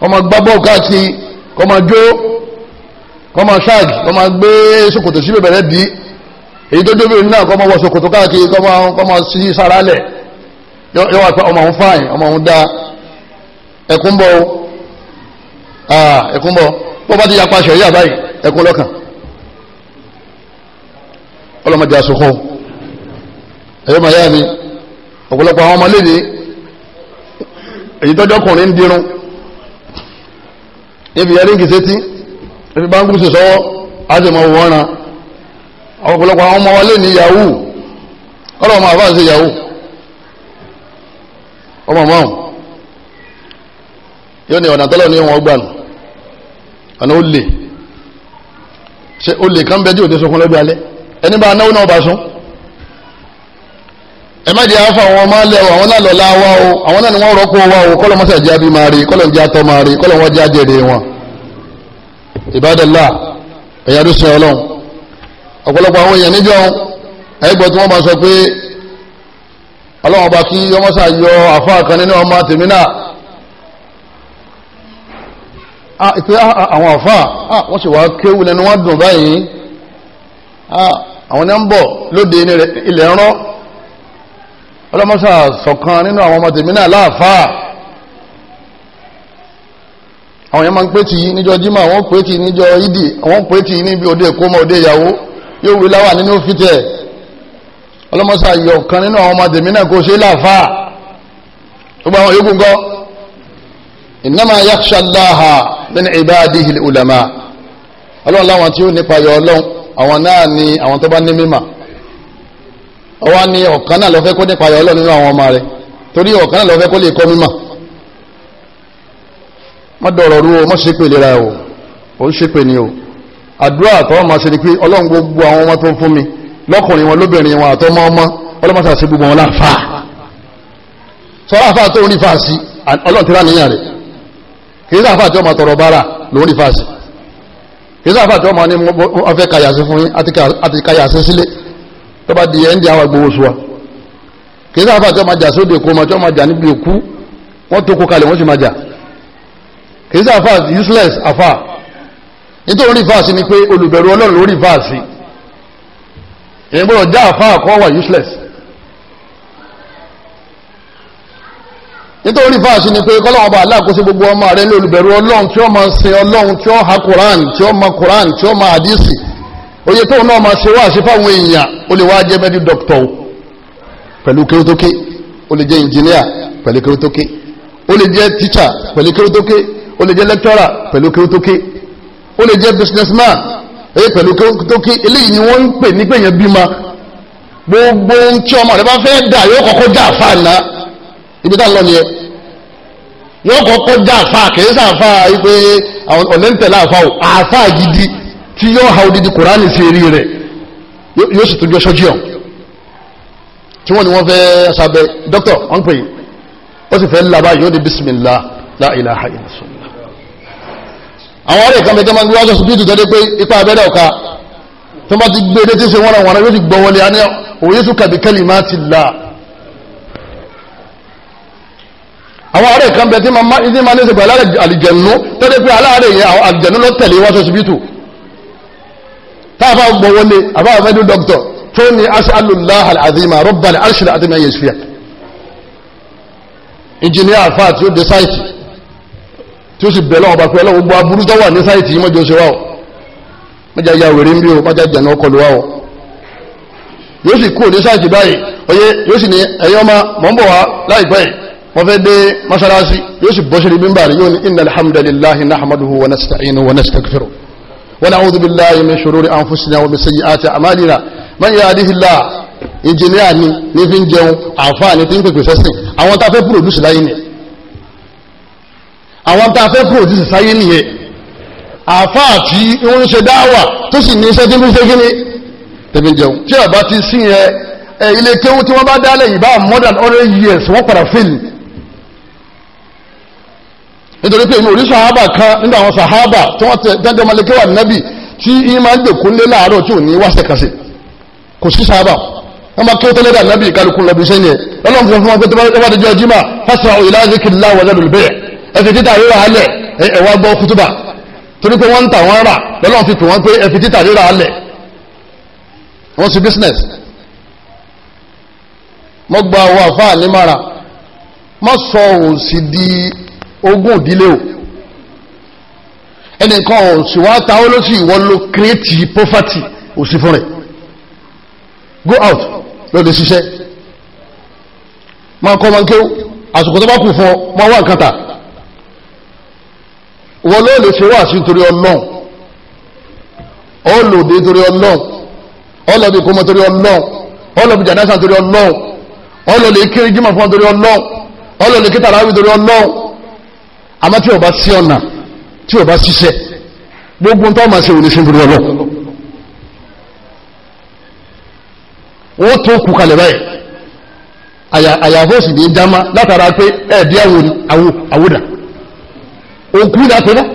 [SPEAKER 1] ọmọ gbábọ́ káàkiri kọmọ jó kọmọ ṣáàgì kọmọ gbé ṣòkòtò sí bẹ̀rẹ̀ dì í èyí tó jó bẹ̀rẹ̀ náà kọmọ wọ ṣòkòtò káàkiri kọmọ sí sára lẹ̀ yọ wà pé ọmọ òun fáìn ọmọ òun dáa ẹkún bọ́ ẹkún bọ́ bọ́ bá ti yapa ṣẹ̀rí àbáyé ẹkún lọ́kàn ọlọ́mọdé àsokò ọ̀pọ̀lọpọ̀ àwọn ọmọ léde èyí tọ́jọ́kùnrin ń dirun níbi ẹ̀ríǹkì bá níbi báńkùsì sọ́wọ́ àjẹmọ̀ wọ́nran ọ̀pọ̀lọpọ̀ àwọn ọmọ wọlé ní yahoo ọ̀rọ̀ ọmọ àbáṣe yahoo ọmọ mọ́hùn yóò ní ọ̀nà tọ́lọ̀ ní wọn gbà nù ọ̀nà ó lè ṣe ó lè kán bẹ́ẹ̀ tí ò sọkún ẹ afọ jẹ́ àáfà àwọn ọmọ alẹ́ o àwọn náà lọ́la wa o àwọn náà ni wọ́n rọ́pò wa o kọ́lọ́ mọ́sá jẹ́ abí máa rí kọ́lọ́ jẹ́ atọ́ máa rí kọ́lọ́ wọ́n jẹ́ ajẹ́rẹ́ wọn. ìbádọ́lá ẹ̀yà ló sọ ọlọ́run ọ̀pọ̀lọpọ̀ àwọn èèyàn níjọ́ ẹgbẹ́ tí wọ́n máa sọ pé ọlọ́run ọba kí yọ ọmọ tèmi náà ah, ìpè ah, ah, àwọn afa wọ́n sì kéwù lẹ́nu dùn báyìí àwọn ń ọlọ́mọsà sọ̀kan nínú àwọn ọmọ tèmi náà láàfáà àwọn yẹn máa ń pé tì í níjọ jimá àwọn pé tì í níjọ ìdì àwọn pé tì í níbi òde èkó ọmọ òde ìyàwó yóò wí láwà nínú fìtẹ ọlọ́mọsà yọ̀kan nínú àwọn ọmọ tèmi náà kò ṣe láàfáà gbogbo àwọn yòókù ńkọ́ innama yakhsha Allaha min ibadihi ulama ọlọ́run tí ó nípa yọ ọlọ́run àwọn náà ni àwọn tó bá ní mímọ̀ ọwọ́ ni ọ̀kan náà lọ́fẹ́ kó nípa ayọ̀ ọlọ́run nínú àwọn ọmọ rẹ̀ torí ọ̀kan náà lọ́fẹ́ kó lè kọ́ mímọ̀ má dọ̀rọ̀ rú o má ṣe pè lera o ò ń ṣe pè ní o àdúrà àtọ́wọ́ máa ṣe ni pé ọlọ́run gbogbo àwọn ọmọ tó ń fún mi lọ́kùnrin wọn lóbìnrin wọn àtọ́mọ́ ọmọ ọlọ́mọta ṣe gbogbo wọn láfa sọ́ra àfa tó ń rí fàásì ọlọ́run ti rá níyàn rẹ̀ kì í sáfà tí ọmọ tọrọ bára lòún rí fàásì kì í sáfà tí ọmọ ní ọfẹ́ kàyàsí fún yín àti kàyàsí sílé tọ́ba di ẹ̀ ń di àwọn agbowó suwa kìí sáfà tí wọ́n máa jà sóde kó máa tí wọ́n máa jà níbi òkú wọ́n tó kó kalẹ̀ wọ́n sì máa jà kìí sáfà useless afa nítorí orí fàásì ni pé olùbẹ̀rù ọlọ́run lórí fàásì èyí gbọ́dọ̀ já afa kọ́ wà useless nítorí fàásì ni pé kọ́lọ́wọ́n bá aláàkóso gbogbo ọmọ rẹ̀ ní olùbẹ̀rù ọlọ́run tí wọ́n máa sin ọlọ́run tí wọ́n ha Quran tí wọ́n máa Quran tí wọ́n máa hadisi oye tó náà máa ṣe wáàsí fáwọn èèyàn ó lè wá jẹ́ mẹ́dí dọ́kítọ̀ o pẹ̀lú kérótókè ó lè jẹ́ ìjìnlẹ́à pẹ̀lú kérótókè ó lè jẹ́ tíṣà pẹ̀lú kérótókè ó lè jẹ́ lẹ́kítọ́rà pẹ̀lú kérótókè ó lè jẹ́ businessman èyí e, pẹ̀lú kérótókè eléyìí ni wọ́n ń pè ní pé yẹn bímọ gbogbo ohun tí ọmọ rẹ bá fẹ́ dà yóò kọ́kọ́ dà fà ná ibi tá a lọ nìyẹn yóò kọ́kọ́ dà fà kì í yìí pé ọ̀lẹ́ntẹ̀lá àfà ò àfà gidi tí yóò ha odidi kùránì sí eré rẹ̀ yóò sì tún jọ sọ́jí ọ̀hún tí wọ́n ni wọ́n fẹ́ sábẹ́ dókítọ̀ wọ́n pè ó sì fẹ́ labá yóò di bisimilá la ilaha illallah àwọn ọ̀rẹ́ ìkànnì ìjọba gbé wájú síbí ìdùtọ́ dé pé ipa abẹ́rẹ́ ọ̀ka tó bá ti gbé edé tí ń ṣe wọ́n àwọn yóò ti gbọ́ wọlé àní òye tún kàbí kẹ́lì má ti là àwọn ọ̀rẹ́ ìkànnì ìjọba tí ma ní ṣe pẹ̀lú àlìjẹ̀nú tó dé pé aláàárẹ̀ yẹn àlìjẹ̀nú ló tẹ̀lé wájú síbí ìdùtọ́ táàbà gbọ̀wọ́lé àbáwọ̀ mẹ́dù dọ́kítọ̀ tó ní aṣáàlùláhà àdìmà rọ́bàlì arṣìlẹ̀ àdìmà yẹn ṣfíà ìjìnìyà àfáà tí ó dé sáìtì tí ó sì bẹ̀rẹ̀ ọba pẹ̀lú gbogbo aburú tó wà ní sáìtì yìí mọ́jọ ṣe wá o mọ́jà ya wèrè ń bí o mọ́jà jẹ̀nà ọkọlù wá o yóò sì ونعوذ بالله من شرور أنفسنا ومن سيئات أعمالنا من يهده الله ìjìnlẹ̀ ni ní fi ń jẹun àǹfààní tí ń pèpè sẹ́sìn àwọn tá a fẹ́ pòròdúsì láyé nìyẹn àwọn tá a fẹ́ pòròdúsì sáyé nìyẹn àǹfààní tí wọ́n ń ṣe dáwà tó sì ní iṣẹ́ tí ń fi ṣe kí ni tẹ̀mí jẹun tí àbá ti sí yẹn ilé kéwú tí wọ́n bá dálẹ̀ yìí bá more than hundred years wọ́n padà fèlì nítorí pé èmi ò rí sàhábà kan nígbà àwọn sàhábà tí wọ́n tẹ́jọ́ malẹ́kẹ́wà nábì tí yín máa ń gbèkú lé láàárọ̀ tí ò ní wáṣẹ̀ kàṣẹ̀ kò sí sàhábà wọ́n máa kí ó tẹ́lẹ̀ dà nábì kálukú lọ́bi sẹ́yìn ẹ̀ ọlọ́run fún wọn pé tó bá dẹjọ́ jimá fásitì àwọn ìlà zikrillah wà lẹ́nu bẹ́ẹ̀ ẹ fi títà rírà alẹ̀ ẹ wá gbọ́ kútúbà torí pé wọ́n ń tà wọ́n rà lọ́lọ́run fi pè wọ́n pé ẹ fi títà rírà alẹ̀ wọ́n sí business mọ́gbà wà fáà ní mara mọ́ sọ òsì di ogún òdílé o ẹnìkan ò sì wá ta ó ló sì ló kírètì pọ́fàtì ò fún rẹ̀ go out lọ lè ṣiṣẹ́ máa kọ́ máa ń kéwò àsìkò tó bá kù fún ọ máa wá nǹkan tà wọ́n ló lè ṣe wá sí torí ọlọ́run ọlọ́dẹ torí ọlọ́run ọlọ́dẹ kọmọ torí ọlọ́run ọlọ́dẹ jàdásà torí ọlọ́run ọlọ́dẹ kéré jímọ̀ fún ọ torí ọlọ́run ọlọ́dẹ kẹtàlá àmọ́ tí o bá sí ọ̀nà tí o bá ṣiṣẹ́ gbogbo tó máa ṣe òní sí ìbúrú ọlọ́ wọ́n tó kù kalẹ̀ báyìí àyàfó sì ní dáma látara pé ẹ̀ẹ́dí àwòdà òkú ní apẹ́ náà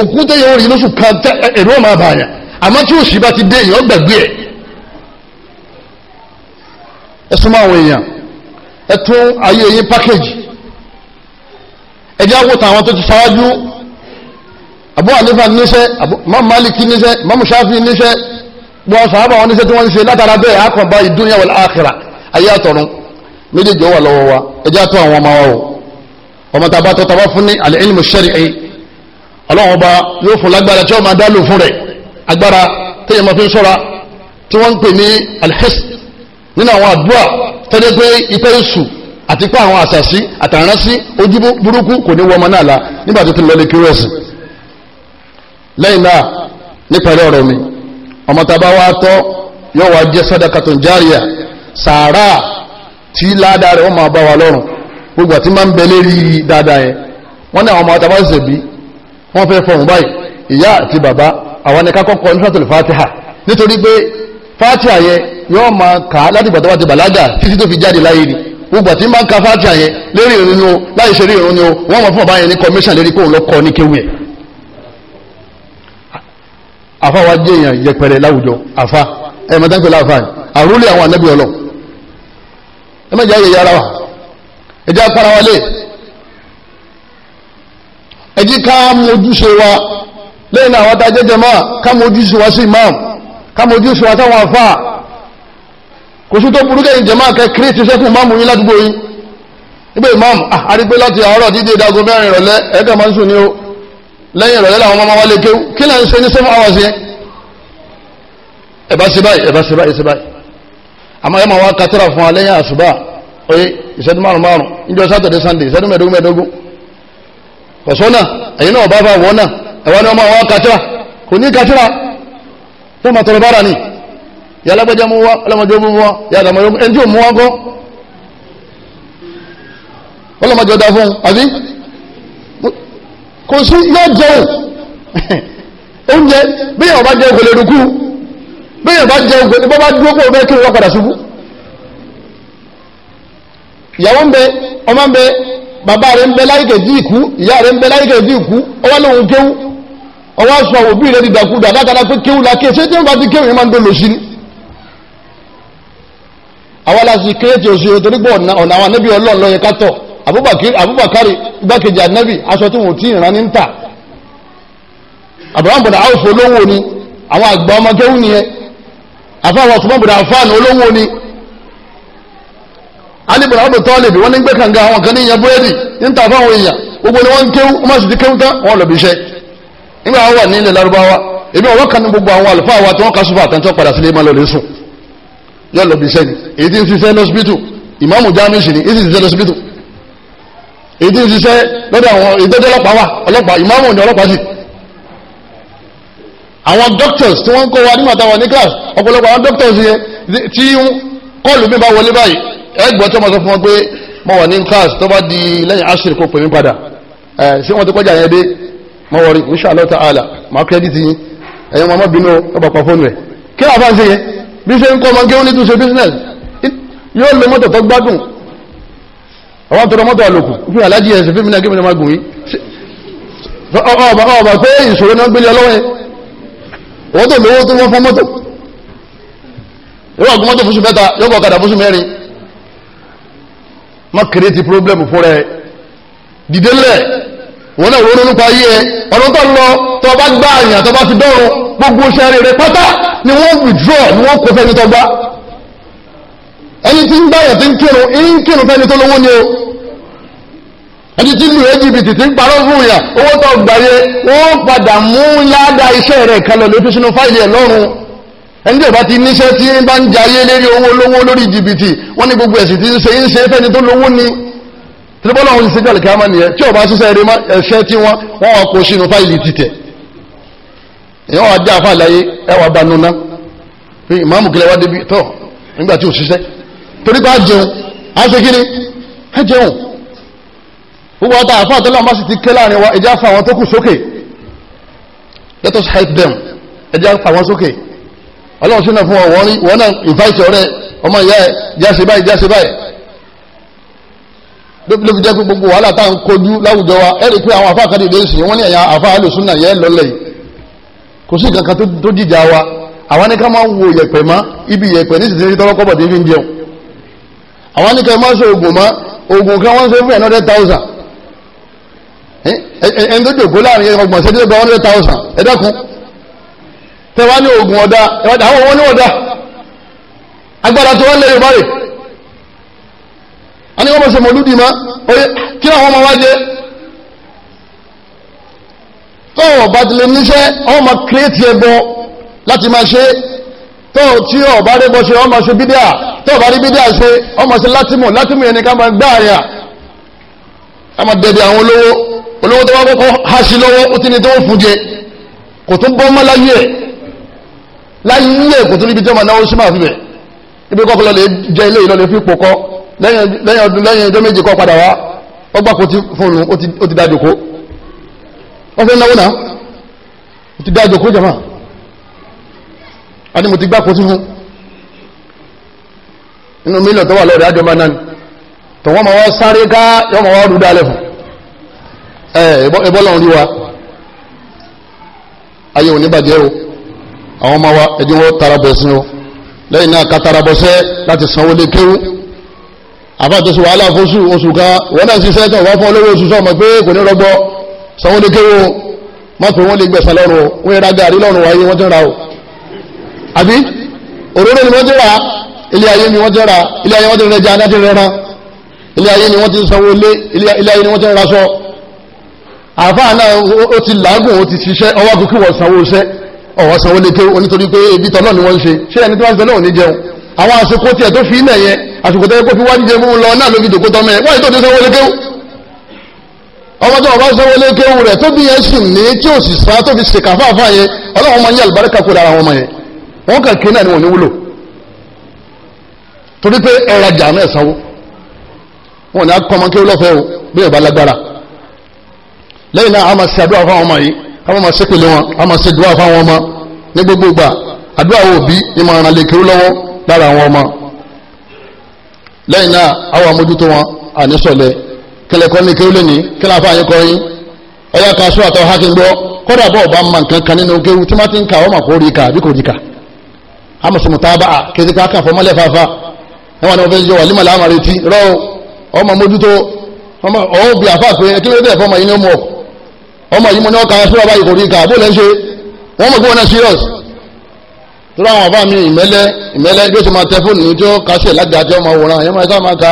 [SPEAKER 1] òkú tẹ́yẹ orí lóṣù kan ẹ̀rọ ọmọ àbàyàn àmọ́ tí òṣì bá ti dé èèyàn gbàgbé ẹ̀ ẹ̀sùn máa wọ ẹ̀tún ayé yín pákéjì ẹjẹ́ àwọ̀ tàwọn tó ti ṣáájú Abu Hanifa níṣẹ́ Imam Maliki níṣẹ́ Imam Shafi níṣẹ́ gbọ́ sàábà wọn níṣẹ́ tí wọ́n ń ṣe látara bẹ́ẹ̀ àkànbá ìdúnyà wal akhirah ayé àtọ̀run méjèèjì wà lọ́wọ́ wa ẹjẹ́ àtọ̀ àwọn ọmọ wa o ọmọ tàbá tó tàbá fún ní al-ilmu shar'i ọlọ́run ọba yóò fún lágbára tí wọ́n máa dá lò fún rẹ̀ agbára téèyàn máa fi ń sọ́ra tí wọ́n ń pè ní alhis nínú àwọn àdúrà tẹ́lẹ̀ pé ìtẹ́ ìsù àti pé àwọn àṣàṣí àtàránsí ojú burúkú kò ní wọ́n ọmọ náà la nígbà tó ti lọ lè kíró ẹ̀sìn lẹ́yìn náà nípẹ̀lẹ́ ọ̀rọ̀ mi ọmọ tàbá wa tọ́ yóò wá jẹ́ sadaqatun jariya sàárà tí ládàá rẹ̀ wọ́n máa bá wa lọ́rùn gbogbo àti máa ń bẹ lérí dáadáa yẹn wọ́n ní àwọn ọmọ tàbá gbogbo àti máa ń ka fájà yẹn lérí ìrún ni o láì ṣe rí ni o wọ́n mọ̀ fún bàbá yẹn ní commission lérí kóun lọ kọ́ ní kéwù àfa wa jẹ́ èèyàn yẹpẹrẹ láwùjọ àfa ọlọ ẹ wa ẹ wa lé ẹ ká ojúṣe wa lẹ́yìn àwọn tá a jẹ́jẹ́ máa ká ojúṣe wa sí ká ojúṣe kò sí tó burú kẹ́yìn jẹ̀mọ́ akẹ́ kírísì sẹ́kùn máàmù yín ládùúgbò yín nígbà ìmáàmù àrígbé ah, láti àárọ̀ dídí ìdágún mẹ́rin ìrọ̀lẹ́ ẹ̀ẹ́dẹ̀ máa ń sùn ní o lẹ́yìn ìrọ̀lẹ́ làwọn máa wá lé kéwú kí lẹ́ ń ṣe ní seven hours yẹn ẹ̀bá ṣe báyìí ẹ̀bá ṣe báyìí ṣe báyìí àmọ́ ẹ̀ máa wá katara fún wa lẹ́yìn àṣùbà oye ìṣẹ́dún márùn márùn níjọ sátọ̀dẹ̀ sànńdé ìṣẹ́dún mẹ́ẹ̀dógún mẹ́ẹ̀dógún kọ̀sọ́nà ẹ̀yin náà bá bá wọ́n náà ẹ̀wá ni wọ́n máa wá katara kò ni ìyá alágbẹ́já mú wá ọlọ́mọdé mú wá ìyá àdàmọ́dé mú ẹni tí ò mú wá gọ́ ọlọ́mọdé ọ̀dà fún un àbí kò sí yóò jẹun oúnjẹ bí yàrá bá jẹ òkèlè rúkú bí yàrá bá jẹ òkèlè bá bá dúró pé òbẹ́ kí wọ́n padà ṣubú ìyàwó ń bẹ ọmọ ń bẹ bàbá rẹ̀ ń bẹ láyé kejì ìkú ìyá rẹ̀ ń bẹ láyé kejì ìkú ọwọ́ lòun kéwú ọwọ́ sọ òbí rẹ̀ dìdàkudà látara pé kéwú la kéwú ṣé tí wọ́n bá ti kéwú yẹn máa ń dolo sí ni. láti kéètì oṣù torípọ̀ ọ̀nà àwọn anábì ọlọ́run lọ́yẹ kátọ̀ abubakari igbákejì anábì aṣọ tí wọ́n ti ìran ní ta abraham bọ̀dà áwòfò olówó ni àwọn àgbà ọmọ kéwù nìyẹn àfáwọn ọ̀tún bọ̀dà àfáàní olówó ni alìbọ̀dà ọ̀dọ̀ tọ́lẹ̀bì wọ́n ní gbé kànga àwọn kan ní búrẹ́dì ní ta fáwọn èèyàn gbogbo ni wọ́n kéwù wọ́n wọn wà ní ilẹ̀ Lárúbáwá èmi ọ̀rọ̀ kan ní yọ lọ bí sẹ́ni èyí tí ń ṣiṣẹ́ lọ́sibítù ìmáàmù jáàmù sì ni èyí tí ń ṣiṣẹ́ lọ́sibítù èyí tí ń ṣiṣẹ́ lọ́dọ̀ àwọn ìdọ́jọ́ ọlọ́pàá wà ọlọ́pàá ìmáàmù ni ọlọ́pàá sì àwọn doctors tí wọ́n ń kó wa nígbà táwọn ní class ọ̀pọ̀lọpọ̀ àwọn doctors yẹn tí kọ́ọ̀lù mi bá wọlé báyìí ẹgbọ́n tó máa sọ fún wọn pé mo wà ní class tó bá di lẹ́yìn asiri kó pè mí padà ẹ̀ ṣé wọ́n ti kọjá yẹn dé mo wọrí insha Allah ta'ala máa kírẹ́dìtì yín ẹ̀yin wọn má bínú ọ̀pọ̀ fóònù rẹ̀ kí ni àbá ń ṣe yẹn bí ṣe ń kọ́ ọmọ gẹ́wọ́n ní tún ṣe business yóò lo mọ́tò tó gbádùn àwọn àtọ́rọ mọ́tò àlòkù fún aláàjì ẹ̀sìn fún mi náà gẹ́mìnà máa gùn yí ọba pé ìṣòro náà gbélé ọlọ́wọ́ yẹn owó tó lówó tó wọ́n fún mọ́tò yóò wà gún mọ́tò fúnṣù mẹ́ta yóò bọ̀ kàdà fúnṣù mẹ́rin má kéré ti problem fún rẹ dìde wọn náà ronú nípa ayé ẹ ọ̀nà tó ń lọ tó bá gbá àyàn tó bá fi dọ́rùn gbogbo iṣẹ́ rere pátá ni wọ́n withdraw ni wọ́n kó fẹ́ni tó gbá ẹni tí ń gbáyàn tí ń kírun ń kírun fẹ́ni tó lówó ni o ẹni tí lu jìbìtì tí ń parọ́ fún ìyà owó tó gbàyẹ wọ́n padà mú ládàá iṣẹ́ rẹ̀ kalẹ̀ lójú sínú fáìlì ẹ̀ lọ́rùn ẹni tí ò bá ti níṣẹ́ tí ń bá ń jayé lérí owó lówó lórí jìbìtì wọ́n ní gbogbo ẹ̀sìn tí ń ṣe ń ṣe fẹ́ni tó lówó ni tìrìbọ́lá wọn sì ṣe jàlẹ̀ kíámà nìyẹn tí ọba ṣiṣẹ́ eré ẹ̀ṣẹ́ tí wọ́n wọ́n wà kó sínú fáìlì títẹ̀ èèyàn wà dé àfa àlàyé ẹ bá nuna pé ìmáàmù kílẹ̀ wá débi tọ̀ nígbà tí ò ṣiṣẹ́ torí pé a jẹun a ṣe kí ni a jẹun gbogbo ọta àfa àtọ́lá má sì ti ké láàrin wa ẹja fa àwọn tó kù sókè let us help them ẹja fa àwọn sókè ọlọ́run sínú fún wọn wọn náà invite ọ̀rẹ́ ọmọ ìyá ẹ jáṣe báyìí jáṣe báyìí ló fi jẹ́ pé gbogbo wàhálà tá à ń kojú láwùjọ wa ẹ rí i pé àwọn àfa kan dìde wọ́n ní ẹ̀yà àfa alòsùnà yẹn lọ́lẹ̀ kò sí kankan tó jìjà wa àwọn ní ká máa ń wo yẹ̀pẹ̀ mọ́ ibi yẹ̀pẹ̀ ní ìsinsìnyí tọ́lọ́ kọ́bọ̀ dín fi ń jẹun àwọn ní ká máa ń sọ oògùn mọ́ oògùn kan wọ́n ń sọ fún ẹ̀nọ́dẹ́ táwùsàn ẹni tó jòkó láàrin ọgbọ̀n ṣẹ́jú tó ani ní wọ́n mọ̀ sí mọ̀lúdì mọ́ oye kí àwọn ọmọ wá jẹ́ tọ́wọ̀ bá ti lè níṣẹ́ ọmọ máa kírètì ẹbọ láti máa ṣe tọ́wọ̀ tí ọ̀ bá rẹ́bọ ṣe ọmọ ṣe bídíà tọ́wọ̀ bá rí bídíà ṣe ọmọ ṣe látìmọ̀ látìmọ̀ yẹn ni ká máa gbá àyà ká máa dẹ̀dẹ̀ àwọn olówó olówó tó bá kọ́kọ́ há sí lọ́wọ́ ó ti ní tó ń fún jẹ kò tún bọ́ mọ́ láyé ẹ̀ láyé ẹ̀ kò tún níbi tí ọmọ náà ó sì máa fi bẹ̀ ibi kọ́kọ́ lè jẹ ilé ìlọlẹ̀ fi pò lẹ́yìn ọdún lẹ́yìn ọjọ́ méjì kọ́ padà wá ọ gbà kó fóònù ó ti dájòkó wọ́n fẹ́ náwó náà ó ti dájòkó jama a ní mo ti gbà kó ti fún inú mílíọ̀n tó wà lọ́rẹ̀ àjọba náà tó wọ́n ma wá sáré ká yọ́ ma wa wọ́n àbá tó sì wàhálà fóṣù oṣù kan wọ́n náà ṣiṣẹ́ tán wá fún olówó oṣù sọ́mọ pé kò ní rọgbọ sanwó ní kéwò má pé wọ́n lè gbẹ̀sà lọ́rùn wọ́n yẹra gàrí lọ́rùn wáyé wọ́n ti ra o àbí òróró ni wọ́n ti ra ilé ayé ni wọ́n ti ra ilé ayé wọ́n ti rẹja aná ti ilé ayé ni wọ́n ti sanwó ilé ilé ayé ni wọ́n ti raṣọ àfáà náà ó ti làágùn ó ti ṣiṣẹ́ ọwọ́ àkókò wọ̀ sanwó iṣẹ́ ọ̀wọ́ sanwó ní kéwò nítorí pé ibi tọ́lọ́ ni wọ́n ń ṣe ṣé ẹni tí wọ́n ń àwọn àsìkò tiẹ̀ tó fi ilẹ̀ yẹn àsìkò tẹ́lẹ̀ kó fi wájú jẹ mú lọ náà ló fi jòkó tọ́mẹ́ wáyé tó ti sanwó lé kéwù ọmọ tó ọba sanwó lé kéwù rẹ̀ tó bí yẹn sì ní tí ò sì sá tó fi ṣèkà fáfá yẹn ọlọ́run máa ń àlùbáríkà kó dára wọn mọ yẹn wọn kàn kí náà ni wọn ní wúlò torí pé ẹ̀rọ ajá náà sanwó wọn ní akọ ọmọ kéwù lọ́fẹ̀ẹ́ o bí ẹ̀ bá lágbára lẹ́yìn náà a máa ṣe àdúrà lára àwọn ọmọ lẹ́yìn náà àwọn amójútó wọn àníṣọ̀lẹ̀ kẹlẹ̀kọ́ ní kéwú lẹ́ni kíláfà yín kọ́ yín ọ̀yá kan sọ àtọ́ hákin gbọ́ kọ́dà bọ́ọ̀ bá ma nǹkan kan nínú kéwú tí wọ́n ti ń ọmọ kò rí bí kò rí tá a bá a kéde ká kà fọmọ́lẹ̀ fàáfà ni wọn fẹ́ yọ wà límọ̀lá àmà retí rọ ọmọ mójútó tóra àwọn àbá mi ìmẹ́lẹ́ ìmẹ́lẹ́ bí ó ti máa tẹ fóònù tí ó kásẹ̀ lágbàá tí ó máa wòran àyẹ̀mọ́ ẹ̀ká máa ka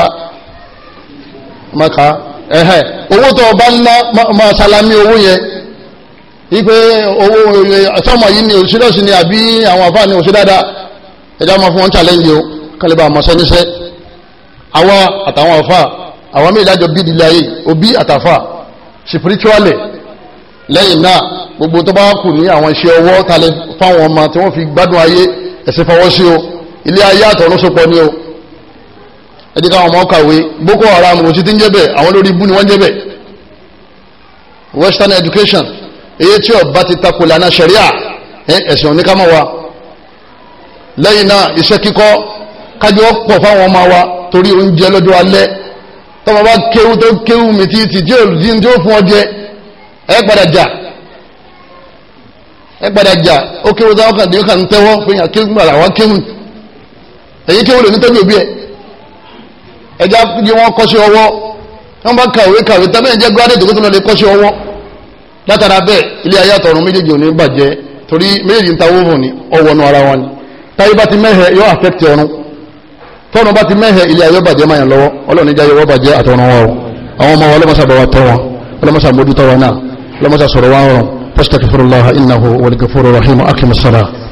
[SPEAKER 1] máa ka ẹ̀hẹ́ owó tó ọba ńlá máa salami owó yẹn wípé owó sọ́mọ̀ yìí ni òṣìlọ́sì ni àbí àwọn àbá ni òṣìdáadáa ẹ̀dá máa fún wọn challenge o kálíbà àmọ́ sẹ́níṣẹ́ àwa àtàwọn àfa àwọn méjìlájọ bíi ìdílé ayé òbí àtàfà spiritually lẹ́yìn náà gbogbo tó bá kù ní àwọn iṣẹ́ ọwọ́ talẹ̀ fáwọn ọmọ tí wọ́n fi gbádùn ayé ẹ̀sìn fọwọ́ sí o ilé ayé àtọ̀ ló sopọ̀ ní o ẹ káwọn ọmọ kàwé Boko Haram kò sí ti ń jẹ́ bẹ́ẹ̀ àwọn lórí ibú ni wọ́n jẹ́ bẹ́ẹ̀ Western education èyí tí ọba ti takò lànà ṣẹ̀ríà ẹ̀sìn oníkàmọ́ wa lẹ́yìn náà iṣẹ́ kíkọ́ kájọ́ pọ̀ fáwọn ọmọ wa torí oúnjẹ lọ́jọ́ alẹ́ tọ́mọ bá kéwú ẹ gbọ́dọ̀ jà ẹ gbọ́dọ̀ jà ó kéwù táwọn kan dèéka ń tẹ́wọ́ fún yàn kéwù gbàrà wọn kéwù èyí kéwù lè nítorí òbí ẹ ẹjá yí wọn kọ́sí ọwọ́ wọn bá kàwé kàwé tẹ́lẹ̀ ẹ̀jẹ̀ gbádùn tó kó lè látara ilé ayé méjèèjì torí méjèèjì ń hàn ara wọn ni táyé bá ti mẹ́hẹ̀ yóò àfẹ́kì ọ̀run tọ́nu bá ti mẹ́hẹ̀ ilé ayé bàjẹ́ máa yàn lọwọ ọlọ́run níjà yọwọ́ bàjẹ́ wọn o àwọn wa wa wọn mójútó wa náà لما تصر وارم فاستغفر الله إنه هو الغفور الرحيم وأقم الصلاة